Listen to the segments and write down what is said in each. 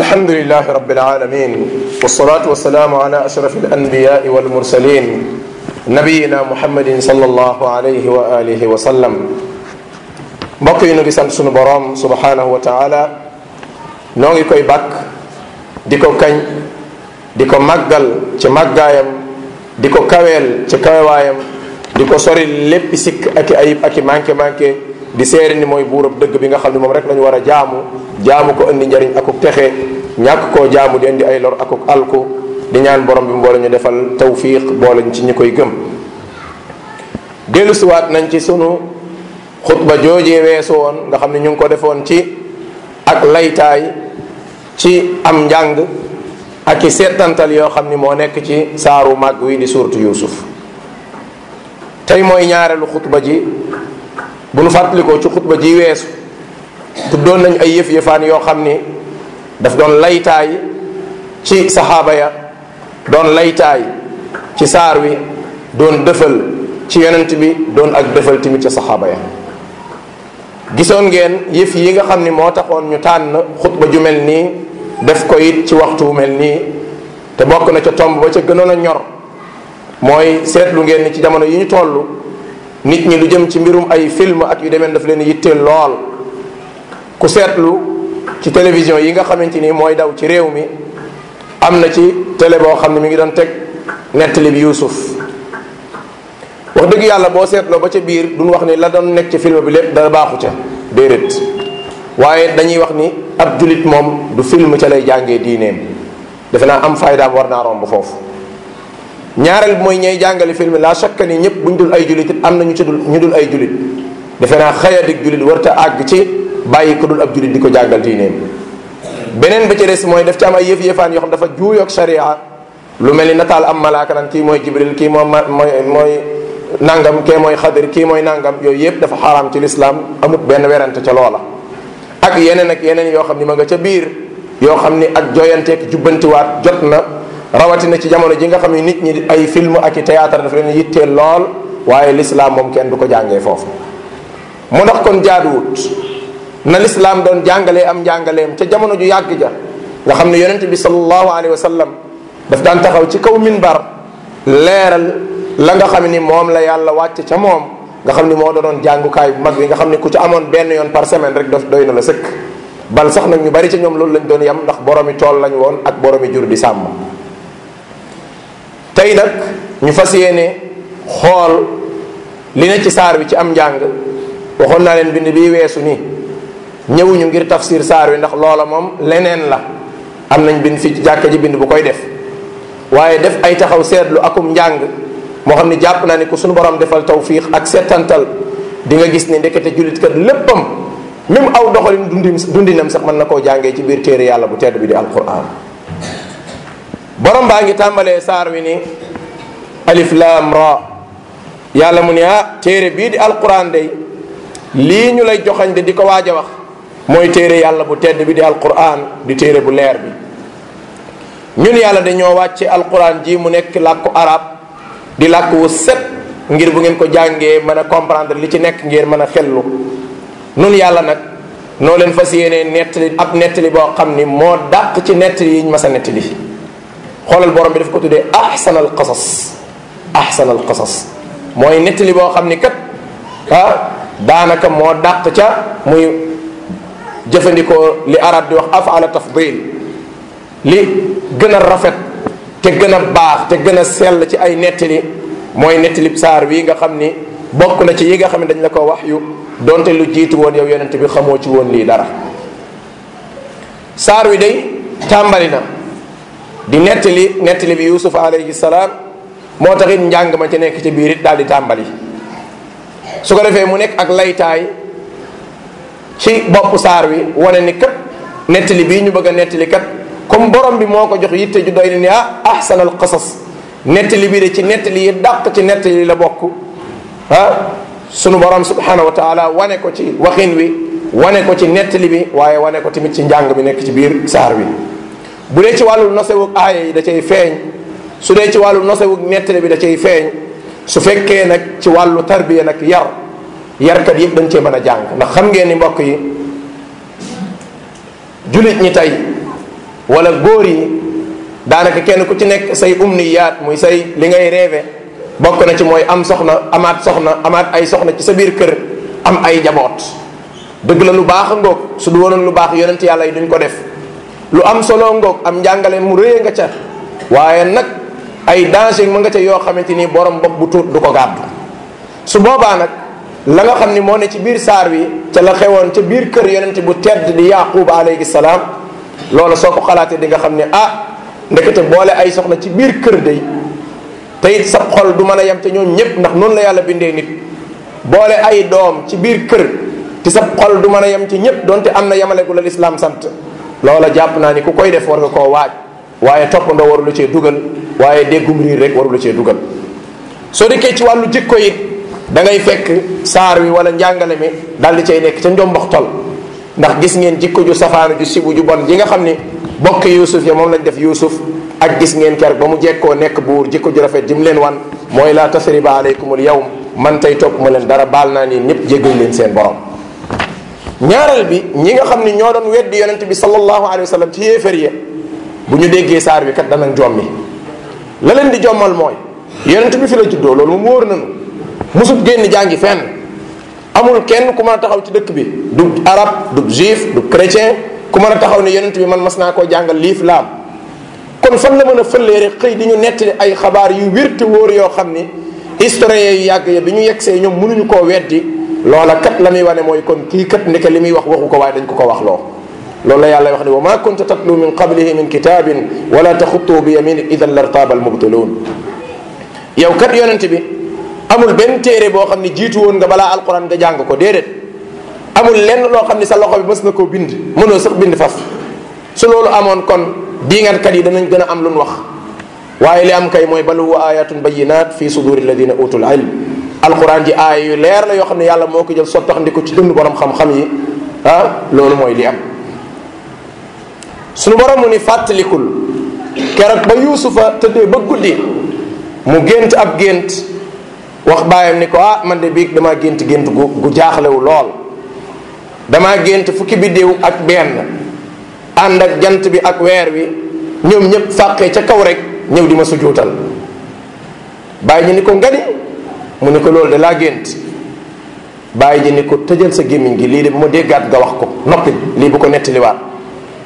الحمد لله رب العالمين والصلاة والسلام على أشرف الأنبياء والمرسلين نبينا محمد صلى الله عليه وآله وسلم mbokk yi ñu ngi sant sunu boroom subhanahu wa taala noo ngi koy bàkk di ko kañ di ko màggal ci màggaayam di ko kaweel ci kawewaayam di ko sori lépp sikk ak i ayib ak i manqué manqué di seere ni mooy buurab dëgg bi nga xam ne moom rek lañu war a jaamu jaamu ko indi njariñ akuk texe ñàkk koo jaamu di indi ay lor akuk alku di ñaan borom bi mboole ñu defal tawfiq boole ñu ci ñi koy gëm dellusiwaat nañ ci sunu xutba joojee weesu woon nga xam ne ñu ngi ko defoon ci ak laytaay ci am njàng ak i seetantal yoo xam ni moo nekk ci saaru màgg wi di suurtu Yuusuf tey mooy ñaareelu xutba ji bu nu fàttalikoo ci xutba ji weesu tuddoon nañ ay yëf yëfaan yoo xam ni daf doon laytaay ci saxaaba ya doon laytaay ci saar wi doon dëfal ci yonent bi doon ak dëfal tamit ca saxaaba ya gisoon ngeen yëf yi nga xam ni moo taxoon ñu tànn xutba ju mel nii def ko it ci waxtu wu mel nii te bokk na ca tomb ba ca gënoon a ñor mooy seetlu ngeen ci jamono yi ñu toll nit ñi lu jëm ci mbirum ay film ak yu demeen daf leen yitteel lool ku seetlu ci télévision yi nga xamante ni mooy daw ci réew mi am na ci télé boo xam ne mi ngi doon teg nettali bi Yuusuf wax dëgg yàlla boo seetloo ba ca biir duñ wax ni la doon nekk ci film bi lépp dara baaxu ca déedéet waaye dañuy wax ni ab julit moom du film ca lay jàngee diineem defe naa am faydaam war naa romb foofu ñaareel bi mooy ñay jàngale film la chaque ni ñëpp bu ñu dul ay julit it am na ñu ci dul ñu dul ay julit defe naa xëyadik julit warta àgg ci bàyyi ko dul ab julit di ko jàngal beneen ba ci des mooy daf ci am ay yëf yëfaan yoo xam dafa juuyoog sharia lu mel ni nataal am malaaka nan kii mooy jibril kii mooy mooy nangam kee mooy xadir kii mooy nangam yooyu yëpp dafa xaaraam ci lislaam amut benn werante ca loola ak yeneen ak yeneen yoo xam ni ma nga ca biir yoo xam ni ak jooyanteek jubbantiwaat jot na rawatina ci jamono ji nga xam ne nit ñi ay film ak i théâtre daf leen yittee lool waaye lislaam moom kenn du ko jàngee foofu mu ndax kon jaaduwut na lislaam doon jàngalee am jàngaleem ca jamono ju yàgg ja nga xam ne yonent bi salallahu alayhi wa sallam daf daan taxaw ci kaw minbar leeral la nga xam ni moom la yàlla wàcc ca moom nga xam ni moo doonoon jàngukaay bu mag bi nga xam ni ku ci amoon benn yoon par semaine rek daf doy na la sëkk bal sax nag ñu bari ci ñoom loolu lañ doon yem ndax boromi tool lañ woon ak boromi jur di sàmm tey nag ñu fas yéene xool li ne ci saar wi ci am njàng waxoon naa leen bind bii weesu ni ñëwuñu ngir tafsir saar wi ndax loola moom leneen la am nañ bind fi jàkka ji bind bu koy def waaye def ay taxaw seetlu akum njàng moo xam ne jàpp naa ni ku suñu borom defal tawfiix ak seetantal di nga gis ni ndekete jullit kat léppam même aw doxalin dundin dundinam sax mën na koo jàngee ci biir téere yàlla bu tedd bi di alquran borom baa ngi tàmbalee saar wi nii aliflam ra yàlla mu ne ah téere bii di alquran day lii ñu lay joxañ de di ko waaj a wax mooy téere yàlla bu tedd bi di alquran di téere bu leer bi ñun yàlla dañoo wàcce alquran ji mu nekk làkku arab di làkk wu set ngir bu ngeen ko jàngee mën a comprendre li ci nekk ngir mën a xellu nun yàlla nag noo leen fas yéenee nettali ab nettali boo xam ni moo dàq ci nettali yiñ mas a nettali xoolal borom bi daf ko tuddee ahsanal qasas ahsanal qasas mooy nettali boo xam ni kat daanaka moo dàq ca muy jëfandikoo li arab di wax afala tafdil li gën a rafet te gën a baax te gën a sell ci ay nettali mooy nettali saar wi nga xam ni bokk na ci yi nga xam ne dañ la ko wax yu donte lu jiitu woon yow yonent bi xamoo ci woon lii dara saar wi day tàmbali na di nettali nettali bi yusuf alayhi moo taxit njàng ma ci nekk ci biir it daal di tàmbali su ko defee mu nekk ak laytaay ci bopp saar wi wane ni kat nettali bii ñu bëgg a nettali kat comme borom bi moo ko jox yitte ju doy ni ah ahsanal qasas nettali bi de ci nettali yi dàq ci nettali la bokk ah sunu borom subhanahu wa wane ko ci waxin wi wane ko ci nettali bi waaye wane ko tamit ci njàng bi nekk ci biir saar wi bu dee ci wàllu nosewug aaya yi da cay feeñ su dee ci wàllu nosewug nettali bi da cay feeñ su fekkee nag ci wàllu tarbiya nag yar yarkat yëpp dañ cee mën a jàng ndax xam ngeen ni mbokk yi jullit ñi tey wala góor yi daanaka kenn ku ci nekk say umniyaat muy say li ngay rêve bokk na ci mooy am soxna amaat soxna amaat ay soxna ci sa biir kër am ay njaboot dëgg la lu baax a ngoog su du wonoon lu baax yonent yàlla yi duñ ko def lu am solo ngoog am njàngale mu rëy nga ca waaye nag ay danger ma nga ca yoo xamante ni borom bopp bu tuut du ko gàddu su boobaa nag la nga xam ni moo ne ci biir saar wi ca la xewoon ca biir kër yonente bu tedd di yaqub alayhi salaam loolu soo ko xalaatee di nga xam ne ah ndekete boole ay soxna ci biir kër day te it sa xol du mën a yem te ñoom ñëpp ndax noonu la yàlla bindee nit boole ay doom ci biir kër ti sa xol du mën a yem ci ñëpp donte am na yemale gu sant loola jàpp naa ni ku koy def war nga koo waaj waaye toppandoo waru la cee dugal waaye déggum riir rek waru cee dugal soo dikkee ci wàllu jikko it da ngay fekk saar wi wala njàngale mi dal di cay nekk ca njombox tol ndax gis ngeen jikko ju safaanu ju sibu ju bon ji nga xam ni bokk yuusuf ya moom lañ def yuusuf ak gis ngeen keroog ba mu jekkoo nekk buur jikko ju rafet ji mu leen wan mooy laa tasriba aleykumul yawm man tey topp ma leen dara baal naa ni ñëpp jéggal leen seen borom ñaareel bi ñi nga xam ni ñoo doon weddi yonent bi sallallahu alayhi wa sallam ci yéefar ya bu ñu déggee saar bi kat danañ jommi la leen di jommal mooy yonent bi fi la juddoo loolu moom wóor nañu mosut génn jàngi fenn amul kenn ku mën a taxaw ci dëkk bi du arab du juif du chrétien ku mën a taxaw ne yonent bi man mas naa koo jàngal liif laam kon fan la mën a fëllee rek xëy di ñu nettali ay xabaar yu wér wóor yoo xam ni historien yu yàgg ya bi ñu yegg see ñoom mënuñu koo weddi loola kat la muy wane mooy kon kii kat ndeke li muy wax waxu ko waaye dañ ko ko wax loo loolu la yàlla wax ne wa ma kunta tatlu min qablihi min kitabin wala taxutuhu bi yaminik idan lartaaba yow kat yonent bi amul benn téere boo xam ne jiitu woon nga balaa alquran nga jàng ko déedéet amul lenn loo xam ne sa loxo bi mës na koo bind mënoo sax bind faf su loolu amoon kon diingatkat yi danañ gën a am lu wax waaye li am kay mooy bal huwa ayatun bayinat fi suduri alladina utul ilm alquran ji aaya yu leer la yoo xam ne yàlla moo ko jël sottandiku ci dund borom xam-xam yi ah loolu mooy li am sunu borom mu ni fàttalikul keroog ba yuusufa tëddee ba guddi mu gént ab gént wax baayam ni ko ah man de biig damaa gént gént gu gu jaaxlewu lool dama gént fukki biddéew ak benn ànd ak jant bi ak weer wi ñoom ñëpp fàqee ca kaw rek ñëw di ma sujuutal bàyyi ñu ni ko nga di mu ne ko loolu de laa gént bàyyi ji ni ko tëjal sa gémmiñ gi lii de bu ma déggaat nga wax ko noppi lii bu ko nettaliwaat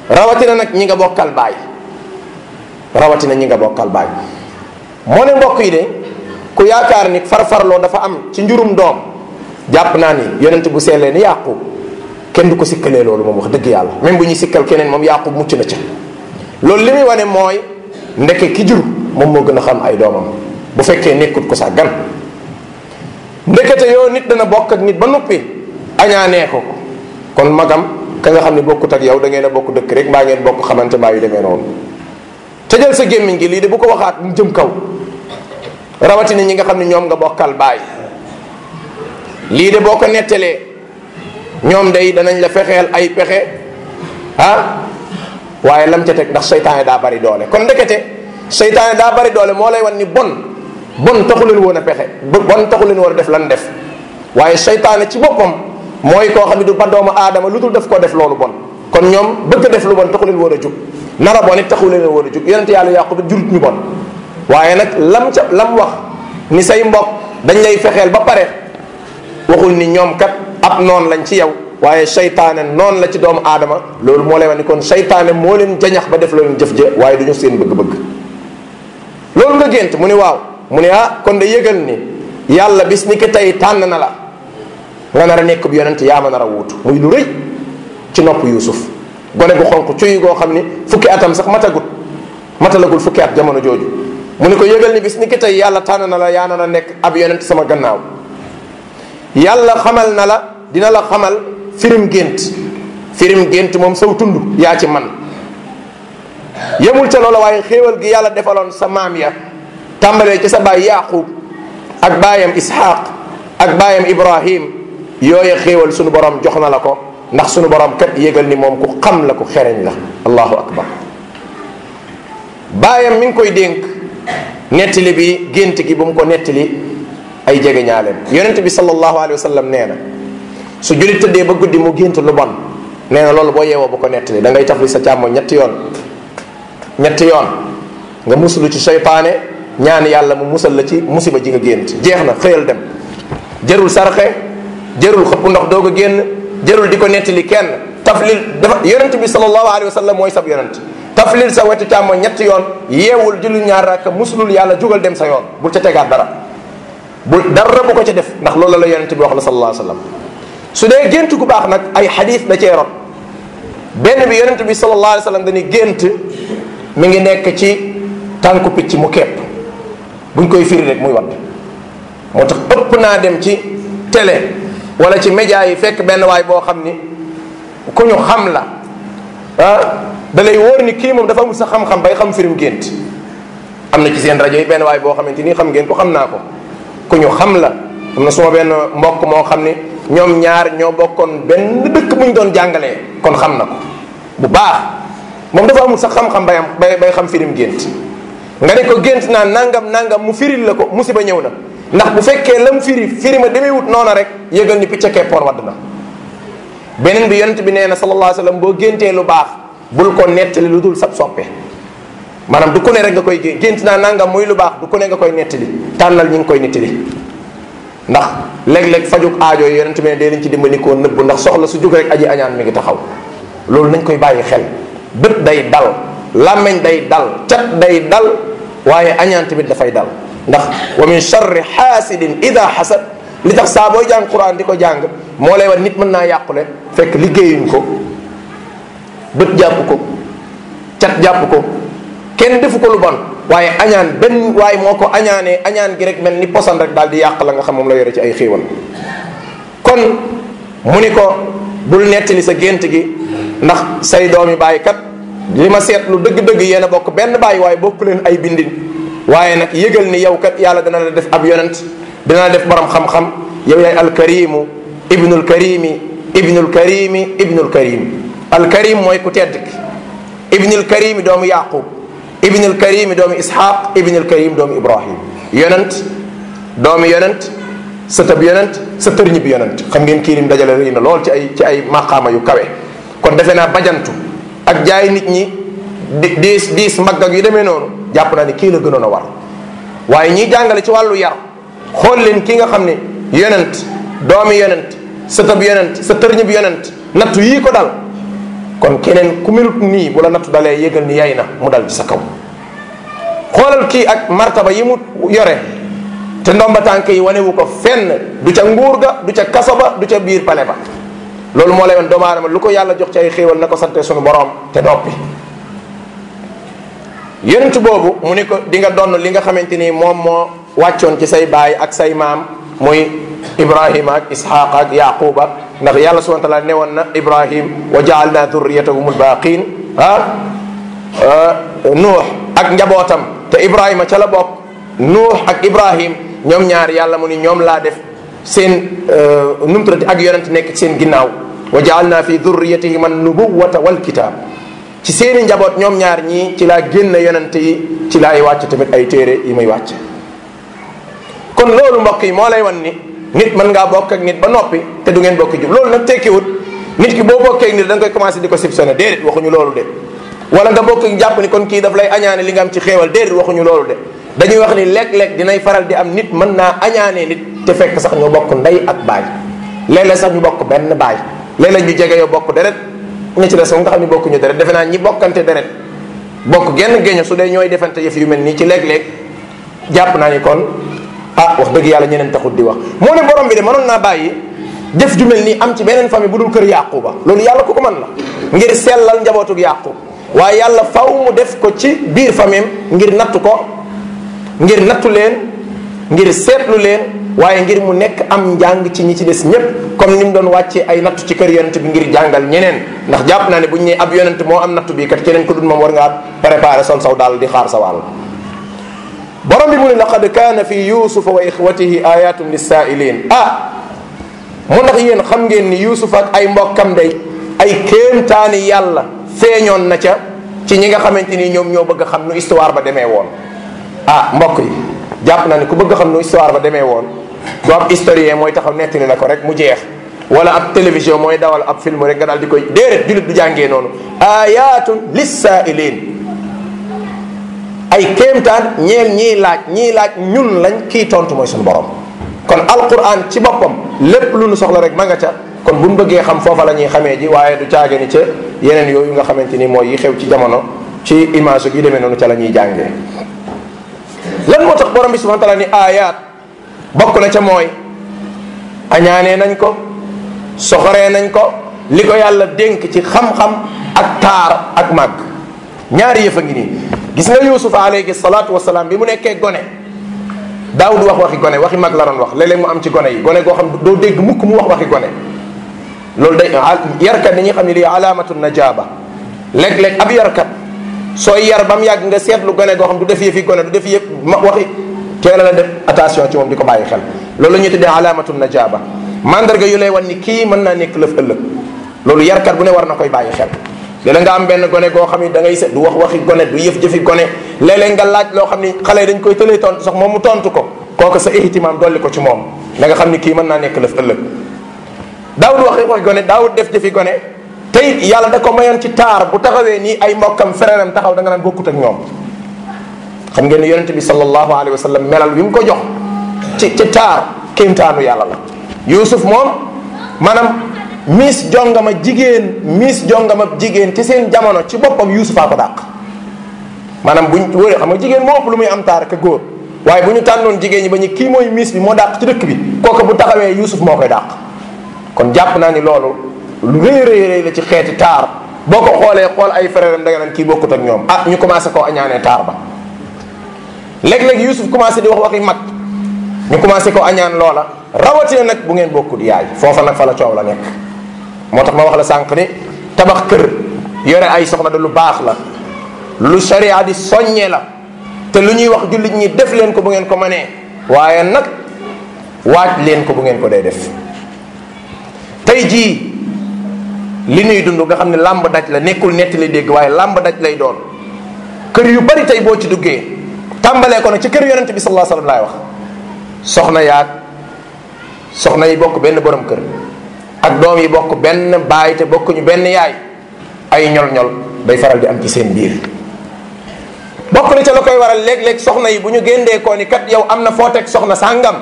rawatina nag ñi nga bokkal baay rawatina ñi nga bokkal baay moo ne mbokk yi de ku yaakaar ni farfarloo dafa am ci njurum doom jàpp naa ni yonent bu seelee ni yàqub kenn du ko sikkalee loolu moom wax dëgg yàlla même bu ñuy sikkal keneen moom yàqub mucc na ca loolu li muy wane mooy ndeke ki jur moom moo gën a xam ay doomam bu fekkee nekkut ko sa ndekete yoo nit dana bokk ak nit ba noppi añaanee ko kon magam ka nga xam ne bokkut ak yow da ngeen bokk dëkk rek mbaa ngeen bokk xamante mbaa yu demee noonu te sa gémmiñ gi lii de bu ko waxaat mu jëm kaw rawatina ñi nga xam ne ñoom nga bokkal baay lii de boo ko nettalee ñoom de danañ la fexeel ay pexe ah waaye lam ca teg ndax seytaane daa bari doole kon ndekete seytaane daa bari doole moo lay wan ni bon bon taxu leen woon a pexe bon taxu leen war a def lan def waaye seytaane ci boppam mooy koo xam ne du ba doomu aadama lu dul def koo def loolu bon kon ñoom bëgg def lu bon taxu leen war a jug nara bon it taxu leen war a jug yonent yàlla yàqu it jurut ñu bon waaye nag lam ca lam wax ni say mbokk dañ lay fexeel ba pare waxul ni ñoom kat ab noon lañ ci yow waaye seytaane noonu la ci doomu aadama loolu moo lay wax ni kon seytaane moo leen jañax ba def la leen jëf ja waaye du ñu seen bëgg loolu nga gént mu ni waaw mu ne ah kon de yëgal ni yàlla bis ni ki tey tànn na la nga nar a nekk bu yonent yaa ma nar a wuutu muy lu rëy ci nopp Yuusuf gone gu xonq cuy goo xam ni fukki atam sax matagut matalagul fukki at jamono jooju mu ne ko yëgal ni bis ni ki yàlla tànn na la yaa nar a nekk ab yonent sama gannaaw yàlla xamal na la dina la xamal firim gént firim gént moom saw tund yaa ci man yemul ca loola waaye xéewal gi yàlla defaloon sa maam ya tàmbalee ci sa baay yaqub ak baayam ishaq ak baayam ibrahim yooye xéewal suñu borom jox na la ko ndax sunu borom kat yégal ni moom ku xam la ku xereñ la allahu akbar baayam mi ngi koy dénk nettali bi gént gi bu mu ko nettali ay jege ñaaleem yonent bi sallallahu alayhi wa sallam nee su jullit tëddee ba guddi mu gént lu bon nee na loolu boo yeewoo bu ko nettali da ngay taf li sa càmmoñ ñetti yoon ñetti yoon nga musulu ci seytaane ñaan yàlla mu musal la ci musiba ji nga génn ci jeex na xëyal dem jërul sarxe jërul xëpp ndox doog a génn jërul di ko nettali kenn taflil dafa yonent bi sallallahu alayhi wa sallam mooy sab yonent taflil sa wetu càmmoñ ñetti yoon yeewul julli ñaar rakk muslul yàlla jugal dem sa yoon bul ca tegaat bu dara bu ko ca def ndax loolu la yonent bi wax la sallallahu alayhi wa su dee gént gu baax nag ay xadis da cee benn bi yonent bi sallallahu alayhi la sallam dañuy gént mu ngi nekk ci tànku picc mu kepp buñ koy firi rek muy wadd moo tax ëpp naa dem ci tele wala ci média yi fekk benn waay boo xam ni ku ñu xam la ah da lay ni kii moom dafa amul sa xam-xam bay xam firim gént am na ci seen rajo yi benn waay boo xamante ni xam ngeen ko xam naa ko ku ñu xam la am na benn mbokk moo xam ni ñoom ñaar ñoo bokkoon benn dëkk bu doon jàngalee kon xam na ko baax moom dafa amul sax xam bay bay bay xam firim gént nga ne ko gént naa nangam nangam mu firil la ko musiba ñëw na ndax bu fekkee lam firi firi ma demee wut noona rek yëgal ni piccakee por wadd na beneen bi yonent bi nee na sallallahu alayhi wasallam boo géntee lu baax bul ko nettali lu dul sab soppe maanaam du ku ne rek nga koy gént naa nangam muy lu baax du ku ne koy nettali tànnal ñi ngi koy nettali ndax léeg-léeg fajuk aajo yi yonent bi ne ci dimbali koo nëbbu ndax soxla su jóg rek aji añaan mi ngi taxaw loolu nañ koy bàyyi xel bët day dal làmmeñ day dal cat day dal waaye añaan tamit dafay dal ndax wa min charri xaasidin ida xasad li tax saa booy jàng quran di ko jàng moo lay wan nit mën naa yàqule fekk liggéeyuñ ko bët jàpp ko cat jàpp ko kenn defu ko lu bon waaye añaan benn waaye moo ko añaanee añaan gi rek mel ni posan rek daal di yàq la nga xam moom la yore ci ay xéewal kon mu ni ko bul nettali sa gént gi ndax say doomi bàyyi kat li ma seetlu dëgg-dëgg yéen a bokk benn baay waaye bokk leen ay bindin waaye nag yëgal ni yow kat yàlla dana la def ab yonent dana la def borom xam-xam yow yaay alkarimu ibnul karimi ibnul karimi ibnul karim alkarim mooy ku tedd ki ibnul karimi doomu yaqub ibnul karimi doomu ishaq ibnul karim doomu ibrahim yonent doomu yonent sëtëb yonent sa tërñi bi yonent xam ngeen kii lim dajale rëy lool ci ay ci ay maqaama yu kawe kon defe naa bajantu ak jaay nit ñi diis diis mag ak yu demee noonu jàpp naa ne kii la gënoon a war waaye ñiy jàngale ci wàllu yar xool leen ki nga xam ne yonent doomi yonent sa tab yonent sa tërñib yonent nattu yii ko dal kon keneen ku melut nii bu la nattu dalee yëgal ni yay na mu dal ci sa kaw xoolal kii ak martaba yi mu yore te ndomba tànk yi wane wu ko fenn du ca nguur ga du ca kaso ba du ca biir pale ba loolu moo lay wan doomu aadama lu ko yàlla jox ci ay xéewal na ko sante suñu boroom te noppi yonent boobu mu ni ko di nga donn li nga xamante ni moom moo wàccoon ci say baay ak say maam muy ibrahima ak isxaaq ak yaquub ak ndax yàlla subhana ne woon na ibrahim wa jaalna dhurriyatahum albaqin ah uh, nuux ak njabootam te ibrahima ca la bokk nuux ak ibrahim ñoom ñaari yàlla mu ni ñoom laa def seen euh, nu mu tuddati ak yonent nekk seen ginnaaw wa naa fi durriyatihim an nubuwata wal kitab ci seeni njaboot ñoom ñaar ñii ci laa génn yonent yi ci laay wàcc tamit ay téere yi muy wàcc kon loolu mbokk yi moo lay wan ni nit mën ngaa bokk ak nit ba noppi te du ngeen bokki jub loolu nag tekkiwut nit ki boo bokkee ak nit da nga koy commencé di ko sipsone déedéet waxuñu loolu de wala nga bokk ak ni kon kii daf lay añaane li nga am ci xéewal déedéet waxuñu loolu de dañuy wax ni léeg-léeg dinay faral di am nit mën naa añaanee nit te fekk sax ñu bokk ndey ak baay léeg-léeg sax ñu bokk benn baay léeg-léeg ñu jege yoo bokk deret ña ci des moom nga xam ne bokkuñu deret defe naa ñi bokkante deret bokk genn géño su dee ñooy defante yëf yu mel nii ci léeg-léeg jàpp naa ni kon ah wax dëgg yàlla ñeneen taxut di wax moo ne borom bi de mënoon naa bàyyi def ju mel nii am ci beneen famille bu dul kër yàqu Yaquba loolu yàlla ku ko man la ngir sellal njabootug Yaqub waaye yàlla faw mu def ko ci biir famille ngir nattu ko ngir seetlu leen waaye ngir mu nekk am njàng ci ñi ci des ñépp comme ni mu doon wàccee ay nattu ci kër yonent bi ngir jàngal ñeneen ndax jàpp naa ne bu ñu nee ab yonent moo am nattu bii kat keneen ko dul moom war ngaa préparé sol saw daal di xaar sa wàll borom bi mu ne laqad kaana fi yusufa wa ixwatihi ayatun lissaa'ilin ah mu ndax yéen xam ngeen ni yusuf ak ay mbokkam day ay kéemtaani yàlla feeñoon na ca ci ñi nga xamante ni ñoom ñoo bëgg a xam nu histoire ba demee woon ah mbokk yi jàpp na ne ku bëgg xam nu histoire ba demee woon du ab historien mooy taxaw nettali la ko rek mu jeex wala ab télévision mooy dawal ab film rek nga daal di koy déedéet jullit du jàngee noonu ayatun lissailin ay kéemtaan ñeel ñii laaj ñii laaj ñun lañ kii tontu mooy suñu borom kon alquran ci boppam lépp lu nu soxla rek ma nga ca kon bu ñu bëggee xam foofa la ñuy xamee ji waaye du caage ni ca yeneen yooyu nga xamante ni mooy yi xew ci jamono ci image yi demee noonu ca la ñuy jàngee lan moo tax borom bi subhanahu wa taala ni aayaat bokk na ca mooy añaanee nañ ko soxoree nañ ko li ko yàlla dénk ci xam-xam ak taar ak màgg ñaari yëf a ngi nii gis nga yusuf alayhi salaatu wasalaam bi mu nekkee gone daawud wax waxi gone waxi mag la doon wax léeg-léeg mu am ci gone yi gone goo xam doo dégg mukk mu wax waxi gone loolu day yarkat dañuy xam ne lii alaamatu najaaba léeg-léeg ab yarkat sooy yar ba mu yàgg nga seet lu gone goo xam du def yëfi gone du def yëf ma waxi teel a la def attention ci moom di ko bàyyi xel loolu la ñuy tuddee alaamatul najaaba mandarga yu lay wan ni kii mën naa nekk lëf ëllëg loolu yarkat bu ne war na koy bàyyi xel léeg-léeg nga am benn gone goo xam ni da ngay seet wax waxi gone du yëf jëfi gone léeg nga laaj loo xam ni xale dañ koy tëlee tontu sax moom mu tontu ko kooku sa ihtimaam ko ci moom da nga xam ni kii mën naa nekk lëf ëllëg daawul wax wax gone daawul def jëfi gone te it yàlla da ko mayoon ci taar bu taxawee nii ay mbokkam fereeram taxaw danga nga naan bokkut ak ñoom xam ngeen ne yonente bi sallallahu alayhi wa sallam melal wi mu ko jox ci ci taar kéemtaanu yàlla la yusuf moom maanaam miis jongama jigéen miis jongama jigéen ci seen jamono ci boppam yuusufaa ko dàq maanaam buñ wóoree xam nga jigéen moo ëpp lu muy am taar ka góor waaye bu ñu tànnoon jigéen ñi ba ñu kii mooy miis bi moo dàq ci dëkk bi kooku bu taxawee yuusuf moo koy dàq kon jàpp naa ni loolu lu rëy rëy rëy la ci xeeti taar boo ko xoolee xool ay frère am da nga naan kii bokkut ak ñoom ah ñu commencé koo añaanee taar ba léeg-léeg Yuusuf commencé di wax waxi mag ñu commencé ko añaan loola rawatina nag bu ngeen bokkut yaay foofa nag fa la coow la nekk moo tax ma wax la sànq ni tabax kër yore ay soxna da lu baax la lu sharia di soññee la te lu ñuy wax jullit ñi def leen ko bu ngeen ko mënee waaye nag waaj leen ko bu ngeen ko dee def tey jii li nuy dund nga xam ne làmb daj la nekkul nettali dégg waaye làmb daj lay doon kër yu bari tey boo ci duggee tàmbalee ko na ci kër yonente bi sallallahu alayhi laay wax soxna yaag soxna yi bokk benn borom kër ak doom yi bokk benn baay te benn yaay ay ñol-ñol day faral di am ci seen biir bokk na ca la koy waral léeg-léeg soxna yi bu ñu géndee koo ni kat yow am na foo teg soxna sàngam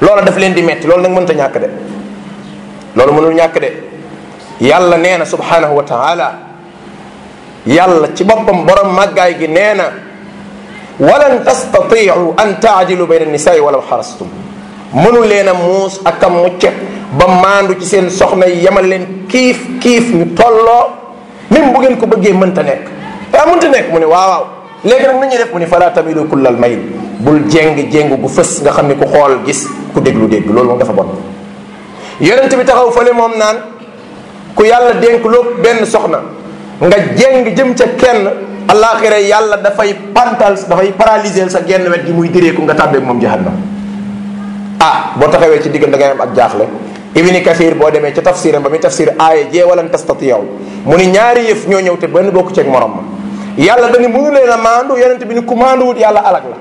loola daf leen di metti loolu nag mënta ñàkk de loolu mënul ñàkk de yàlla nee na subhaanahu wa taala yàlla ci boppam borom màggaay gi nee na walan tastatiu an taadilu bayna nisaai walaw xarastum mënu leen a muus ak a muccet ba maandu ci seen soxna yi yemal leen kiif kiif ñu tolloo même bu ngeen ko bëggee mënta nekk daa eh, mënta nekk mu ne waaw waaw léegi nag nu ñuy def mu ne fala tamilu kullal mayl bul jéng-jéng gu fës nga xam ne ku xool gis ku déglu dégg loolu moom dafa bon yonent bi taxaw fële moom naan ku yàlla dénk loo benn soxna nga jéng jëm ca kenn alaxira yàlla dafay pantal dafay paralyser sa genn wet gi muy direeku nga tàbbeek moom jahannam a ah, boo taxawee ci diggante ngay am ak jaaxle ibni kasir boo demee ca tafsiram ba muy tafsir aaya jee walan tastatiyaw mu ni ñaari yëf ñoo ñëw te benn bokku ceeg morom ma yàlla dañu mënu leen a maandu yonent bi ni ku maandu yàlla alag la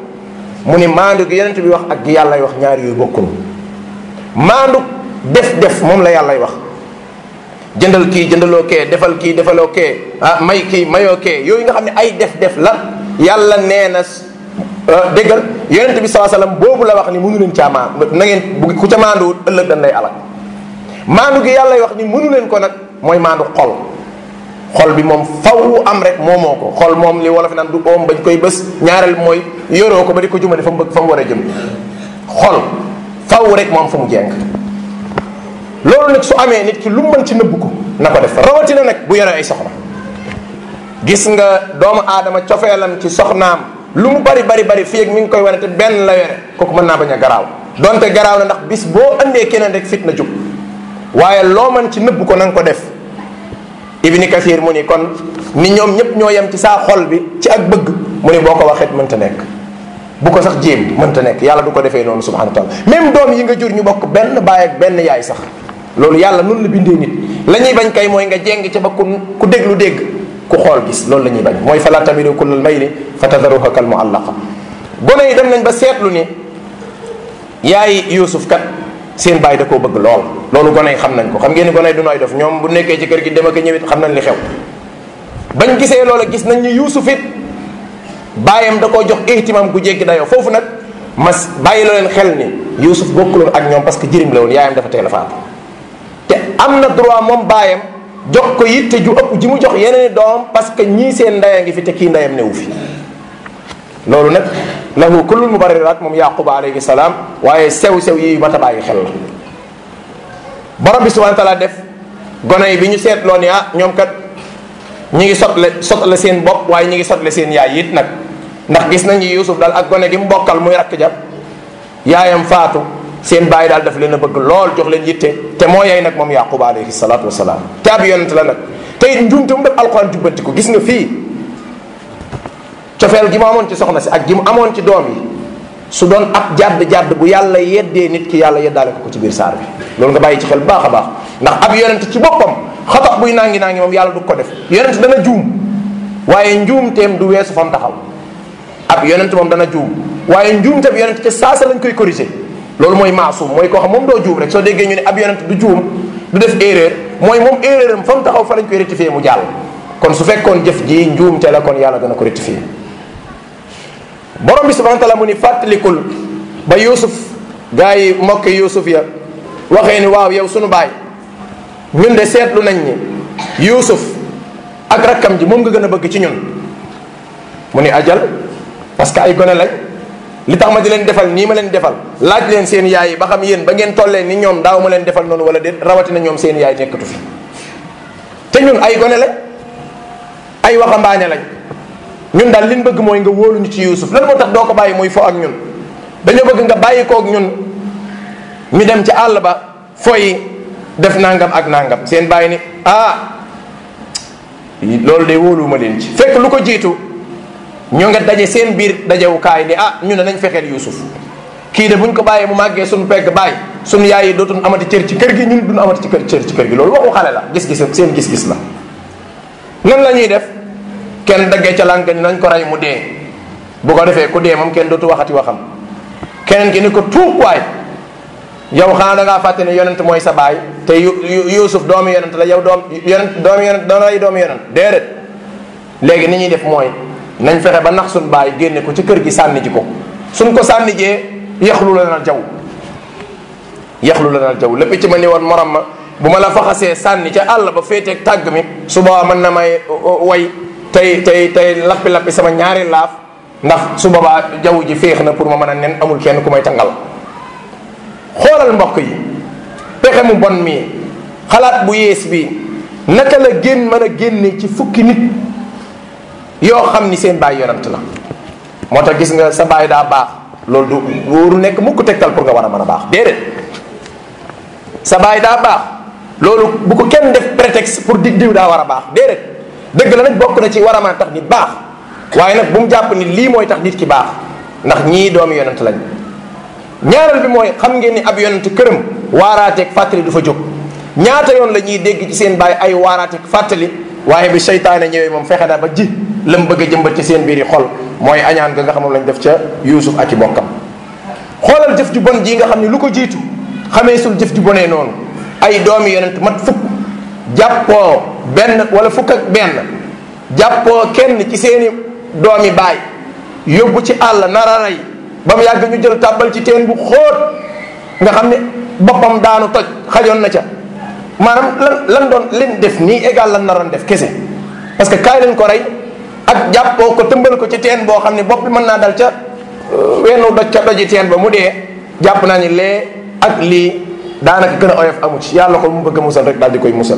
mu ni maandu gi yonent bi wax ak gi yàllay wax ñaari yooyu bokkul maandu def moom la yàllay wax jëndal kii jëndaloo kee defal kii defaloo kee ah, may kii mayoo kee yooyu nga xam ne ay def-def la yàlla nee na ah, déggal yonent bi saa sallam boobu la wax ni mënu leen caa maandu na ngeen bu ku ca ëllëg dañ lay alal maandu yàlla wax ni mënu leen ko nag mooy maandu xol xol bi moom faw am rek moomoo ko xol moom li wolof naan du oom bañ koy bës ñaareel mooy yoroo ko ba di ko jumale fa mu bëgg fa mu war a jëm xol faw rek moom fu mu jeng loolu nag su amee nit ki lu mën ci nëbb ko na ko def rawatina nag bu yore ay soxna gis nga doomu aadama cofeelam ci soxnaam lu mu bari bari bari fii ak mi ngi koy wane benn kooku mën naa bañ garaaw donte garaaw na ndax bis boo andee keneen rek fit na jub waaye loo mën ci nëbb ko na ko def ibni kathir mu ni kon ni ñoom ñëpp ñoo yem ci saa xol bi ci ak bëgg mu ni boo ko waxeet mënta nekk bu ko sax jéem mënta nekk yàlla du ko defee noonu subhanahu wa taala même doom yi nga jur ñu bokk benn baay ak benn yaay sax loolu yàlla noonu la bindee nit la ñuy bañ kay mooy nga jeng ca ba ku ku déglu dégg ku xool gis loolu la ñuy bañ mooy fala tamilu kullal mayli fa tadaruha kal muallaqa gone yi dem nañ ba seetlu ni yaay Yuusuf kat seen baay da koo bëgg lool loolu gone yi xam nañ ko xam ngeen ni gone yi du nooy def ñoom bu nekkee ci kër gi dem ak ñëwit xam nañ li xew bañ gisee loola gis nañ ni Yuusuf it baayam da koo jox ihtimam gu jéggi dayoo foofu nag mas bàyyi la leen xel ni Yuusuf bokkuloon ak ñoom parce que jirim la woon yaayam dafa teel a faatu am na droit moom baayam jox ko yitte ju ëpp ji mu jox yeneen doom parce que ñii seen ndey a ngi fi te kii ndayam newu fi loolu nag lahu kullul mubariraat moom yaquba alayhi salaam waaye sew sew yii mat a bàyyi xel la borom bi subhanahu wa def gone yi bi ñu seetloo ni ah ñoom kat ñi ngi sotle sotle seen bopp waaye ñi ngi sotle seen yaay yit nag ndax gis nañu Yuusuf dal ak gone gi mu bokkal muy rakk ja yaayam faatu seen bàyyi daal def leen a bëgg lool jox leen yitte te moo yay nag moom yaquba alayhi salaatu wasalaam te ab yonent la nag te it njuumte mu def alquran jubbanti ko gis nga fii cofeel gi mu amoon ci soxna si ak ji mu amoon ci doom yi su doon ab jàdd jàdd bu yàlla yeddee nit ki yàlla yeddaale ko ko ci biir saar bi loolu nga bàyyi ci xel baax a baax ndax ab yonent ci boppam xatax buy naangi naangi moom yàlla du ko def yonent dana juum waaye njuumteem du weesu fam taxaw ab yonent moom dana juum waaye njuumte bi yonent te lañ koy corriger loolu mooy maasum mooy koo xam moom doo juum rek soo déggee ñu ne ab yonent du juum du def erreur mooy moom erreur am fa mu taxaw fa lañ mu jàll kon su fekkoon jëf ji njuum ca yàlla dana ko rectifier borom bi subhanahu wa taala mu ni fàttalikul ba Yuusuf gars yi mokke Yuusuf ya waxee ni waaw yow sunu baay ñun de seetlu nañ ni Yuusuf ak rakkam ji moom nga gën a bëgg ci ñun mu ni ajal parce que ay gone lañ li tax ma di leen defal nii ma leen defal laaj leen seen yaay yi ba xam yéen ba ngeen tollee ni ñoom daaw ma leen defal noonu wala déet rawatina ñoom seen yaay nekkatu fi te ñun ay gone lañ ay waxambaane lañ ñun daal liñ bëgg mooy nga wóoluñu ci Yuusuf lan moo tax doo ko bàyyi muy fo ak ñun dañoo bëgg nga bàyyi kook ñun ñu dem ci àll ba foyi def nangam ak nangam seen bàyyi ni ah loolu de wóoluwuma leen ci fekk lu ko jiitu ñoo nga daje seen biir dajewukaay ni ah ñu ne nañ fexeel Yuusuf kii de buñ ko bàyyee mu màggee suñu pegg bàyyi suñ yaay yi dootuñ amati cër ci kër gi ñun duñ amati ci kër cër ci kër gi loolu waxu xale la gis-gis seen gis-gis la nan la ñuy def kenn daggee ca lànk ni nañ ko rey mu dee bu ko defee ku dee moom kenn dootu waxati waxam keneen ki ni ko tuub waay yow xanaa da ngaa fàtte ne yonent mooy sa baay te Yuusuf doomu yonent la yow doom yonent doomu yonent doon rey doomu yonent léegi ni ñuy def mooy nañ fexe ba nax suñ baay génne ko ci kër gi sànni ji ko suñ ko sànni jee yaxlu la na jaw yaxlu la na jaw lépp ci ma ni woon morom ma bu ma la faxasee sànni ca àll ba féeteeg tàgg mi suba mën na may uh, uh, way tey tey tey lappi-lappi sama ñaari laaf ndax su boobaa jaww ji féex na pour ma mën a nen amul kenn ku may tangal xoolal mbokk yi pexe mu bon mii xalaat bu yées bi naka la génn mën a génne ci fukki nit yoo xam ni seen baay yonant la moo tax gis nga sa baay daa baax loolu du wóoru nekk mukk tegtal pour nga war a mën a baax déedéet sa baay daa baax loolu bu ko kenn def prétexte pour di diw daa war a baax déedéet dëgg la nag bokk na ci war a mën a tax nit baax waaye nag bu mu jàpp ni lii mooy tax nit ki baax ndax ñii doomi yonant lañ ñaareel bi mooy xam ngeen ni ab yonant këram waaraateeg fàttali du fa jóg ñaata yoon la ñuy dégg ci seen baay ay waaraateeg fàttali waaye bi seytaane ñëwee moom fexe na ba ji la mu bëgg a jëmbat ci seen biir yi xol mooy añaan nga xam lañ def ca Yuusuf ak i bokkam xoolal jëf ju bon jii nga xam ne lu ko jiitu xamee sul jëf ju bonee noonu ay doomi yonent mat fukk jàppoo benn wala fukk ak benn jàppoo kenn ci seeni doomi baay yóbbu ci àll nara rey ba mu yàgg ñu jël tàbbal ci teen bu xóot nga xam ne boppam daanu toj xajoon na ca maanaam lan lan doon leen def nii égal lan naroon def kese parce que kaay leen ko rey ak jàppoo ko tëmbal ko ci teen boo xam ne bopp bi mën naa dal ca euh, weenu doj ca doji teen ba mu dee jàpp naa ni lee ak lii daanaka gën a oyof amu ci yàlla ko mu bëgg a musal rek daal di koy musal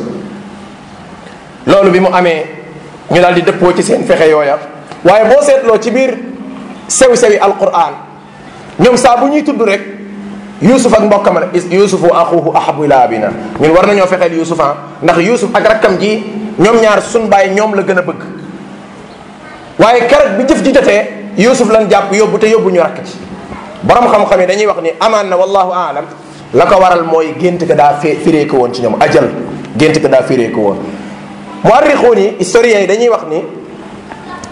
loolu bi mu amee ñu daal di dëppoo ci seen fexe yooya waaye boo seetloo ci biir sew-sewi alquran ñoom saabu ñuy tudd rek yusuf ak mbokkam rek yusufu axuhu ahabu ila abina ñun war nañoo fexeel yusufa ah, ndax yusuf ak rakkam ji ñoom ñaar sun baay ñoom la gën a bëgg waaye keroog bi jëf ji jotee Yuusuf lan jàpp yóbbu te yóbbu ñu rakk ci borom xam-xam yi dañuy wax ni amaan na wallahu aalam la ko waral mooy gént ka daa fee ko woon ci ñoom ajal gént ka daa firee ko woon mu arrixuun yi historiens yi dañuy wax ni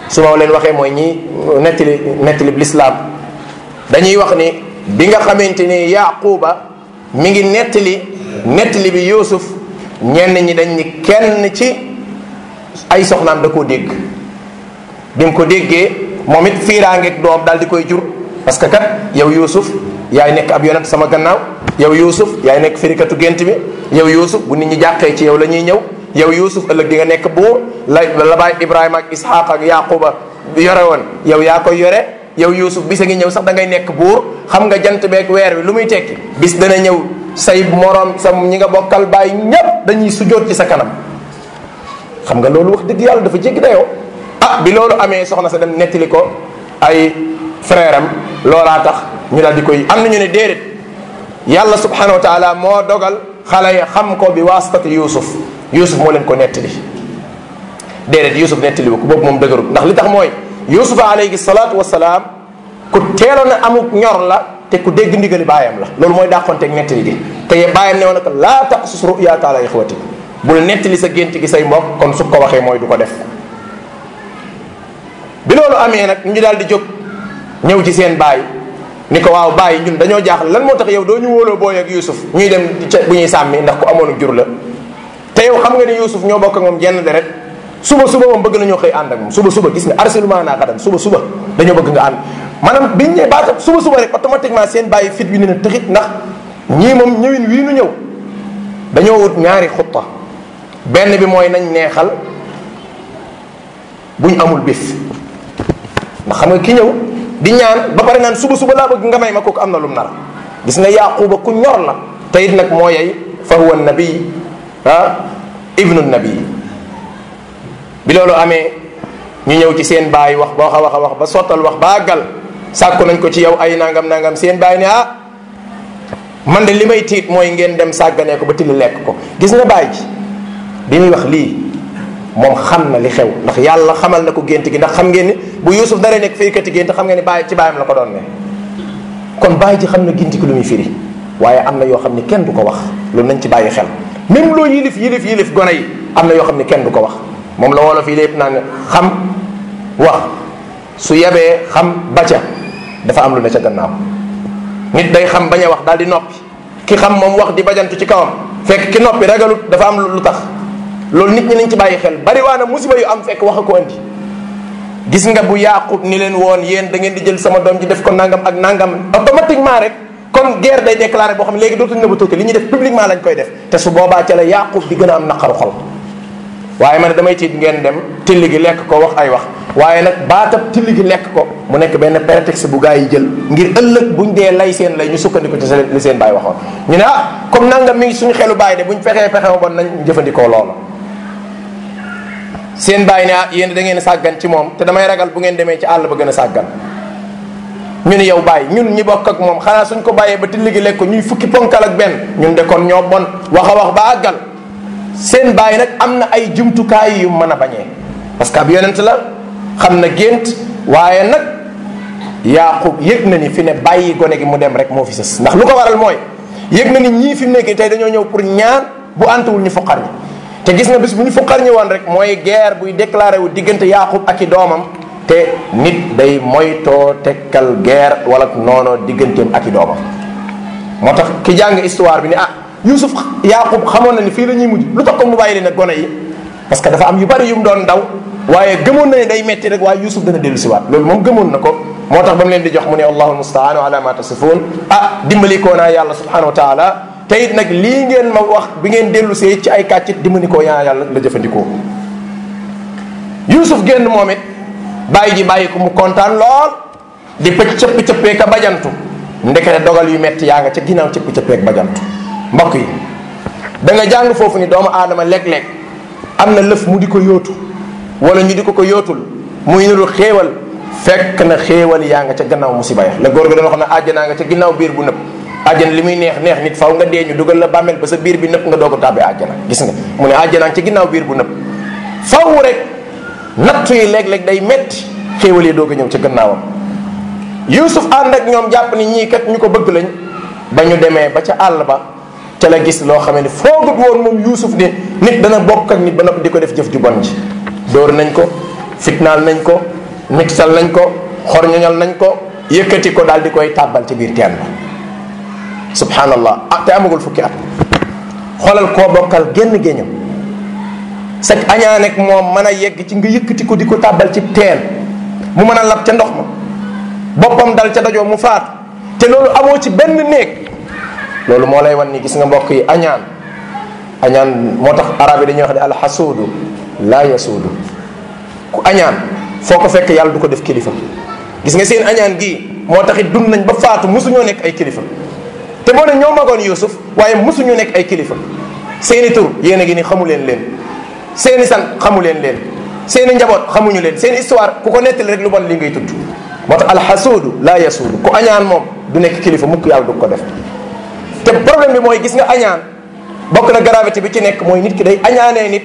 su leen waxee mooy ñi nettali nettali lislaam dañuy wax ni bi nga xamante ni yaquba mi ngi nettali nettali bi yuusuf ñenn ñi dañ ni kenn ci ay soxnaam da koo dégg bi ko déggee moom it fiiraangeeg doom daal di koy jur parce que kat yow Yuusuf yaay nekk ab yonent sama gannaaw yow Yuusuf yaay nekk firikatu gént bi yow Yuusuf bu nit ñi jàqee ci yow la ñuy ñëw yow Yuusuf ëllëg di nga nekk buur la la baay Ibrahima ak Isxaaq ak Yaquba yore woon yow yaa koy yore yow Yuusuf bis a ngi ñëw sax dangay nekk buur xam nga jant beeg weer wi lu muy tekki bis dana ñëw say moroom sa ñi nga bokkal bàyyi ñëpp dañuy sujjóot ci sa kanam xam nga loolu wax dëgg yàlla dafa jéggi dayoo ah bi loolu amee soxna sa dem nettali ko ay frère am loolaa tax ñu daal di koy am na ñu ne déedéet yàlla subhanahu wa taala moo dogal xale ya xam ko bi waasitati Yuusuf Yuusuf moo leen ko nettali déedéet Yuusuf nettali ko boobu moom dëgërut ndax li tax mooy Yuusuf alayhi salaatu wasalaam ku teeloon a amuk ñor la te ku dégg ndigali baayam la loolu mooy dàqonteeg nettali gi te baayam ne woon ko laa taqsus ruyaaka ala ixwati bul nettali sa gént gi say mbokk kon su ko waxee mooy du ko def bi loolu amee nag ñu daal di jóg ñëw ci seen baay ni ko waaw baay ñun dañoo jaaxal lan moo tax yow doo ñu wóoloo booy ak Yuusuf ñuy dem ca bu ñuy sàmmi ndax ku amoonu jur la te yow xam nga ni Yuusuf ñoo bokk ak moom jenn deret suba suba moom bëgg nañoo xëy ànd ak moom suba suba gis nga harcèlement naa xadan suba suba dañoo bëgg nga ànd maanaam biñ ne baata suba suba rek automatiquement seen bàyyi fit wi ne te tëxit ndax ñii moom ñëwin wii nu ñëw dañoo wut ñaari xutta benn bi mooy nañ neexal buñ amul bis ndax xam nga ki ñëw di ñaan ba pare naan suba suba laa bëgg nga may ma kooku am na lum nar gis nga yaquba ku ñor la te nag moo yey fa huwa nabi ah ibnu nabi bi loolu amee ñu ñëw ci seen baay wax ba wax a wax a wax ba sottal wax ba àggal sàkku nañ ko ci yow ay nangam nangam seen baay ne ah man de li may tiit mooy ngeen dem sàgganee ko ba tili lekk ko gis nga baay ji bi muy wax lii moom xam na li xew ndax yàlla xamal na ko gént gi ndax xam ngeen ni bu Yuusuf dara nekk firikati gént xam ngeen ni bàyyi ci bàyyam la ko doon ne kon bàyyi xam na gént gi lu waaye am na yoo xam ne kenn du ko wax loolu nañ ci bàyyi xel même loo yilif yilif yilif gone yi am na yoo xam ne kenn du ko wax moom la wolof yi lépp naan xam wax su yebee xam baca dafa am lu ca gannaaw nit day xam bañ a wax daal di noppi ki xam moom wax di bajantu ci kawam fekk ki noppi ragalut dafa am lu tax loolu nit ñi nañ ci bàyyi xel bariwaana musiba yu am fekk wax a ko andi gis nga bu yaqub ni leen woon yéen da ngeen di jël sama doom ji def ko nangam ak nangam automatiquement rek comme guerre day déclaré boo xam léegi dootuñ na ba li ñuy def publiquement lañ koy def te su boobaa ca la yaqub di a am naqaru xol waaye man damay tiit ngeen dem tilli gi lekk ko wax ay wax waaye nag baatab tilli gi lekk mu nekk benn prétexte bu gaa yi jël ngir ëllëg buñ dee lay seen lay ñu sukkandiku ci li seen baay waxoon ñu ne ah comme nangam mi ngi suñu xelu baay de buñ fexee fexe woon nañ jëfandikoo loola seen bàyyi ne ah yéen dangeen sàggan ci moom te damay ragal bu ngeen demee ci àll ba gën a sàggan ñu ne yow bàyyi ñun ñi bokk ak moom xanaa suñ ko bàyyee ba tilli gi lekk ko ñuy fukki ponkal ak benn ñun de kon ñoo bon wax a wax ba àggal seen bàyyi nag am na ay jumtukaay yu mën a bañee parce que ab yonent la xam na gént waaye nag yaaqub yëg na ni fi ne bàyyi gone gi mu dem rek moo fi sës ndax lu ko waral mooy yëg na ni ñii fi mu nekk tey dañoo ñëw pour ñaan bu antuwul ñu foqar te gis nga bis mu ñu fuqar ñëwaan rek mooy guerre buy déclaré wu diggante Yaaqub ak i doomam te nit day moytoo tekkal guerre wala noono digganteem ak i doomam moo tax ki jàng histoire bi ne ah Yuusuf Yaaqub xamoon na ni fii la ñuy mujj lu tax ko mu bàyyi gone yi parce que dafa am yu bari yu mu doon daw waaye gëmoon na ne day metti rek waaye Yuusuf dana dellu siwaat loolu moom gëmoon na ko moo tax ba leen di jox mu ne allahul mustaanu ala ma tasifun ah, naa yàlla subhanahu wa taala te nag lii ngeen ma wax bi ngeen dellusee see ci ay kàccit di ma ni koo yaa yàlla la jëfandikoo Yuusuf génn moom it bàyyi ji bàyyi ko mu kontaan lool di pëcc cëpp cëppee a bajantu ndekete dogal yu metti yaa nga ca ginnaaw cëpp cëppee bajantu mbokk yi danga nga jàng foofu ni doomu aadama léeg lekk am na lëf mu di ko yootu wala ñu di ko ko yootul muy nuru xéewal fekk na xéewal yaa nga ca gannaaw musiba ya la góor ga doon wax na naa nga ca ginnaaw biir bu nëpp àjjana li muy neex neex nit faw nga dee ñu dugal la bàmmeel ba sa biir bi nëpp nga doog ko tàbbi àjjana gis nga mu ne àjjana ci ginnaaw biir bu nëpp faw rek nattu yi léeg-léeg day metti xéewal yi doog ñëw ca gannaawam Yuusuf ànd ak ñoom jàpp ni ñii kat ñu ko bëgg lañ ba ñu demee ba ca àll ba ca la gis loo xam ne foogut woon moom Yuusuf ne nit dana bokk ak nit ba noppi di ko def jëf ju bon ji dóor nañ ko fitnaal nañ ko niksal nañ ko xorñoñal nañ ko yëkkati ko daal di koy tàbbal ci biir teen ba subhanallah ah, te amagul fukki at xoolal koo bokkal génn géñam saj añaan ak moom mën a yegg ci nga yëkkati ko di ko tàbbal ci teen mu mën a lab ca ndox ma boppam dal ca dajoo mu faatu te loolu amoo ci benn néeg loolu moo lay wan ni gis nga mbokk yi añaan añaan moo tax arab yi dañuy wax ne alxasuudu laa yasuudu ku añaan foo ko fekk yàlla du ko def kilifa gis nga seen añaan gii moo taxit dund nañ ba faatu mosuñoo nekk ay kilifa te boo ne ñoo magoon Yuusuf waaye mosuñu nekk ay kilifa seeni tur yéen a ngi ni xamu leen leen seeni san xamu leen leen seeni njaboot xamuñu leen seeni histoire ku ko nettali rek lu bon li ngay tudd moo tax alxasuudu laa yasuudu ku añaan moom du nekk kilifa mukk yàlla du ko def te problème bi mooy gis nga añaan bokk na gravité bi ci nekk mooy nit ki day añaanee nit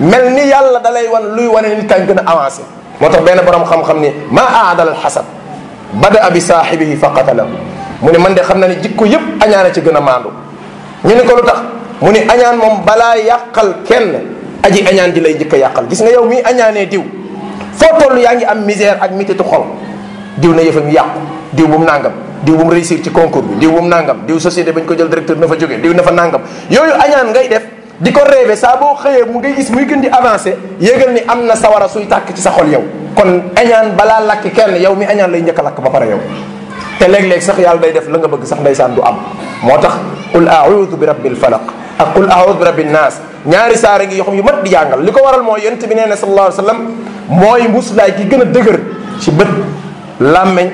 mel ni yàlla dalay wan luy wane nit kañ gën a avancé moo tax benn borom xam-xam ni ma aadal alxasad bada mu ne man de xam na ne jikko yëpp añaana ci gën a maandu ñu ne ko lu tax mu ne añaan moom balaa yàqal kenn aji añaan di lay jëkk a yàqal gis nga yow mii añaanee diw foo toll yaa ngi am misère ak mititu xol diw na yëfam yàqu diw bu mu nangam diw bu mu réussir ci concours bi diw bu mu nangam diw société ba ñu ko jël directeur na fa jógee diw na fa nangam yooyu añaan ngay def di ko rêvé saa boo xëyee mu ngay is muy gën di avancé yégal ni am na sawara suy tàkk ci sa xol yow kon añaan balaa lakk kenn yow mi añaan lay njëkk a ba pare yow te léeg-léeg sax yàlla day def la nga bëgg sax ndeysaan du am moo tax qul aaudu bi rabbil falaq ak qul aaudu bi rabbin naas ñaari saara ngi yoo xam yu mat di jàngal li ko waral mooy yonent bi nee na sallallahu alayhi wa sallam gën a dëgër ci bët làmmeñ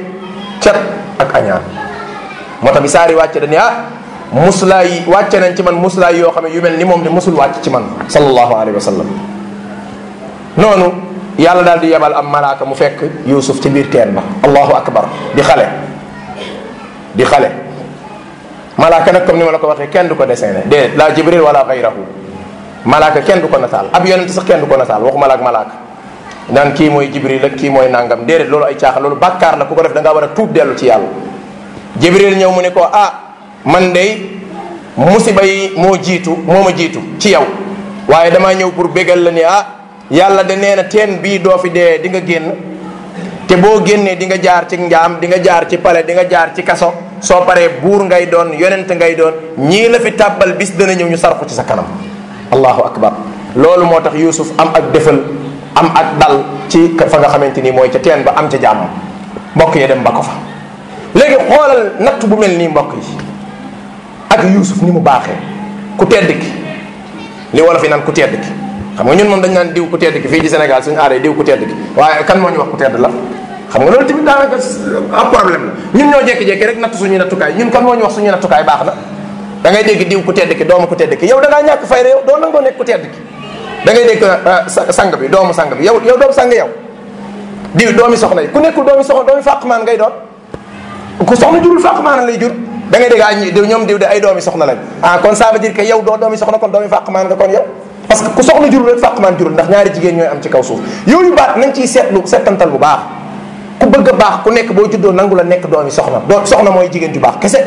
cat ak añaan moo tax bi saari wàcce dañu ah muslaay yi wàcce nañ ci man muslaay yoo xam ne yu mel ni moom de musul wàcc ci man sallallahu alayhi wa sallam noonu yàlla daal di yebal am malaaka mu fekk Yuusuf ci biir teen ba allahu akbar di xale di xale malaaka nag comme ni ma la ko waxee kenn du ko dessiné déedéet la jibril wala gayrahu malaaka kenn du ko nataal ab yonent sax kenn du ko nataal waxuma la ak malaaka naan kii mooy jibril ak kii mooy nangam déedéet loolu ay caaxaan loolu bàkkaar la ku ko def da ngaa war a tuub dellu ci yàlla jibril ñëw mu ne ko ah man dey musiba yi moo jiitu moo ma jiitu ci yow waaye damaa ñëw pour bégal la ni ah yàlla de nee na teen bii doo fi dee di nga génn te boo génnee di nga jaar ci njaam di nga jaar ci pale di nga jaar ci kaso soo paree buur ngay doon yonent ngay doon ñii la fi tàbbal bis dana ñëw ñu sarfu ci sa kanam allahu akbar loolu moo tax Yuusuf am ak defal am ak dal ci fa nga xamante ni mooy ca teen ba am ca jàmm mbokk yi dem ba ko fa léegi xoolal natt bu mel nii mbokk yi ak Yuusuf ni mu baaxee ku tedd ki li wolof yi naan ku tedd ki xam nga ñun moom dañ naan diw ku tedd ki fii ci Sénégal suñu aada diw ku tedd ki waaye kan moo ñu wax ku tedd la xam nga loolu tamit daanaka am problème la ñun ñoo jékki-jékki rek natt suñu nattukaay ñun kan moo wax suñu nattukaay baax na da ngay dégg diw ku tedd ki doomu ku tedd ki yow da ngaa ñàkk fay yow doo nangoo nekk ku tedd ki euh, bi doomu sang bi yow yow doomu sang yow diw doomi soxna yi ku nekkul doomi soxna doomi fàqmaan ngay doon ku soxna jurul fàqmaan lay jur da ngay dégg ah, ah, doo doomi soxna kon doomi nga kon yow parce ku soxna jurul rek fàqmaan jurul ndax ñaari jigéen ñooy am ci kaw suuf yooyu baat nañ ciy seetlu settantal bu baax ku bëgg baax ku nekk boo juddoo nangu la nekk doomi soxna doo soxna mooy jigéen ju baax kese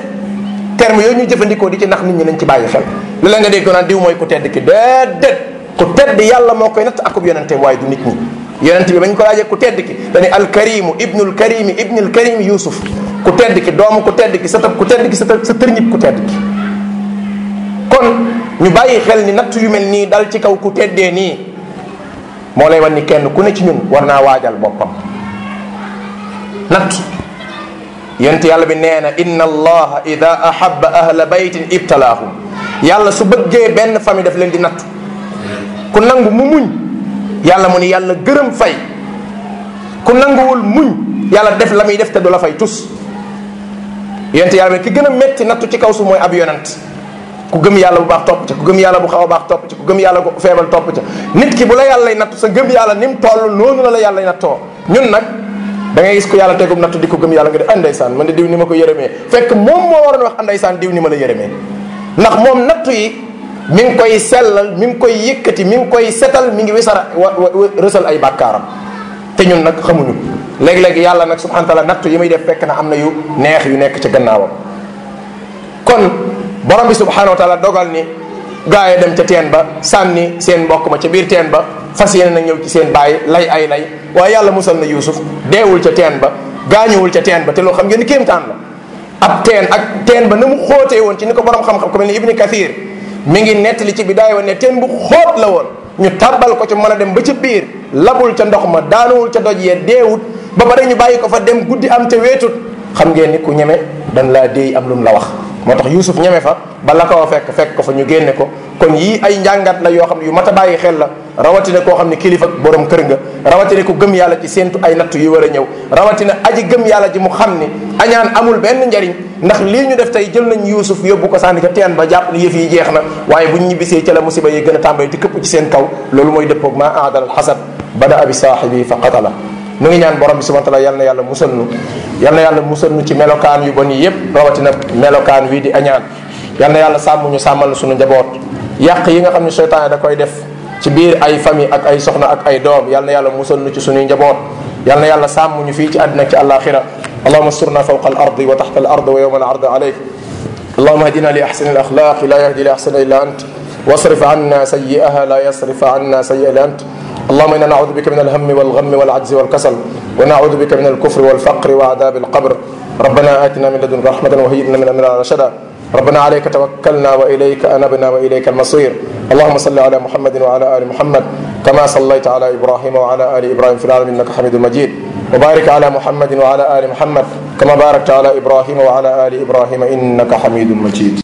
terme yooyu ñu jëfandikoo di ci nax nit ñi nañ ci bàyyi xel li la mooy ku tedd ki déedéet yàlla moo koy natt akub yonente waaye du nit ñi yonente bi bañ ko laajee ku tedd ki dani alkarimu ibnul karimi ibnul karimi yusuf ku tedd ki doomu ku tedd ki sa tab ku tedd ki sa sa tërñib ku tedd ki kon ñu bàyyi xel ni natt yu mel nii dal ci kaw ku teddee nii moo lay wan ni kenn ku ne ci ñun war naa waajal boppam nattu yonent yàlla bi nee na inna allaha ida ahaba ahla baytin ibtalaahum yàlla su bëggee benn famille def leen di nattu ku nangu mu muñ yàlla mu ni yàlla gërëm fay ku nanguwul muñ yàlla def la muy def te du la fay tus yonent yàlla bi ki gën a métti nattu ci kaw su mooy ab yonent ku gëm yàlla bu baax topp ca ku gëm yàlla bu xaw a baax topp ca ku gëm yàlla bu feebal topp nit ki bu la yàllay nattu sa gëm yàlla ni mu toll noonu la la yàllay nattoo da ngay gis ko yàlla tegum natt di ko gëm yàlla nga di andaysaan ah, man de diw ni ma ko yërëmee fekk moom moo waroon wax andaysaan ah, diw ni ma la yërëmee ndax moom natt yi mi ngi koy sellal mi ngi koy yëkkati mi ngi koy setal mi ngi wisara wa rësal ay bàkkaaram te ñun nag xamuñu léegi-léegi yàlla nag subhanahu taala nattu yi may def fekk na am na yu neex yu nekk ci gannaawam kon borom bi subhanahu wa dogal ni gaa yi dem ca teen ba sànni seen mbokk ma ca biir teen ba fas yéene na ñëw ci seen bàyyi lay ay lay waaye yàlla musal na Yuusuf deewul ca teen ba gaañuwul ca teen ba te loo xam ngeen ni kéemtaan la ab teen ak teen ba na mu xóotee woon ci ni ko borom xam-xam ko mel ni Ibn Kathir mi ngi nettali ci bi daay woon ne teen bu xóot la woon ñu tàbbal ko ci mën a dem ba ca biir labul ca ndox ma daanuwul ca doj yee deewut ba pare ñu bàyyi ko fa dem guddi am te weetut xam ngeen ni ku ñeme dan laa déey am lu mu la wax moo tax Yuusuf ñeme fa ba la koo fekk fekk ko fa ñu génne ko kon yii ay njàngat la yoo xam ne yu mat a bàyyi xel la rawatina koo xam ne kilifa borom kër nga rawatina ko gëm yàlla ci séentu ay natt yu war a ñëw rawatina aji gëm yàlla ji mu xam ni añaan amul benn njariñ ndax lii ñu def tey jël nañ Yuusuf yóbbu ko sànni ko teen ba jàpp ni yëf yi jeex na waaye buñ ñibbisee ca la musiba yi gën a tàmbali di këpp ci seen loolu mooy dëppoog ma aadal xasad bada abi saahibi fa qatala nu ngi ñaan borom bi subhanahu wa taala yal na yàlla musal nu yal na yàlla musal nu ci melokaan yu bon yi yëpp rawatina melokaan wii di añaan yal na yàlla sàmm ñu sàmmal suñu njaboot yàq yi nga xam ne seytaane da koy def ci biir ay famille ak ay soxna ak ay doom yal na yàlla musal nu ci suñuy njaboot yal na yàlla sàmm ñu fii ci àddina ci àllaaxira allahuma surna fawqa al ardi wa taxta al ardi wa yowma al ardi aleyk allahuma hadina li axsani al axlaaqi la yahdi li axsana illa ant wasrif anna sayi'aha la yasrif anna sayi'a illa ant اللهم انا نعوذ بك من الهم والغم والعجز والكسل ونعوذ بك من الكفر والفقر وعذاب القبر ربنا اتنا من لدنك رحمه وهيئ لنا من امرنا رشدا ربنا عليك توكلنا واليك انبنا واليك المصير اللهم صل على محمد وعلى ال محمد كما صليت على ابراهيم وعلى ال ابراهيم في العالمين انك حميد مجيد وبارك على محمد وعلى ال محمد كما باركت على ابراهيم وعلى ال ابراهيم انك حميد مجيد